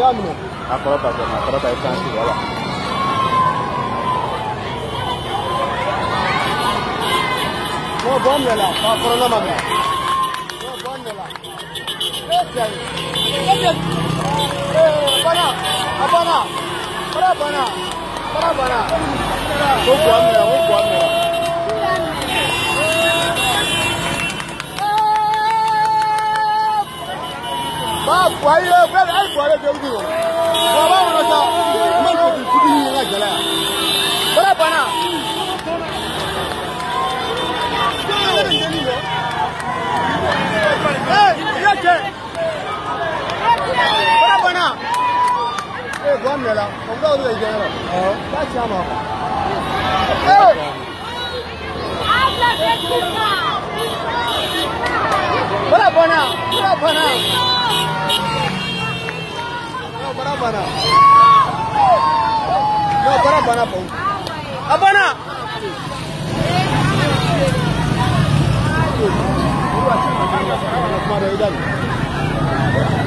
y'a minɛ a kɔrɔ ta dɔrɔn a kɔrɔ ta i kan si wala n'o bɔ minɛ la k'a kɔrɔla ma minɛ n'o bɔ minɛ la e cɛ ye e cɛ ee bana a bana fara bana fara bana ko bɔ minɛ ko bɔ minɛ. wáyé bẹ́ẹ̀ láì fọ́ ẹgbẹ́ ojú o wọ́n bá wọn sọ mẹ́rin òkú kúbi yìí láì jẹ́lá bọ́lá bọ́nà. bọ́lá bọ́nà. ee bọ́ mi la o bá wọlé ìjẹun rẹ ọ bá ti àmọ́. bọ́lá bọ́nà bọ́lá bọ́nà. Abana po. Abana! Abana!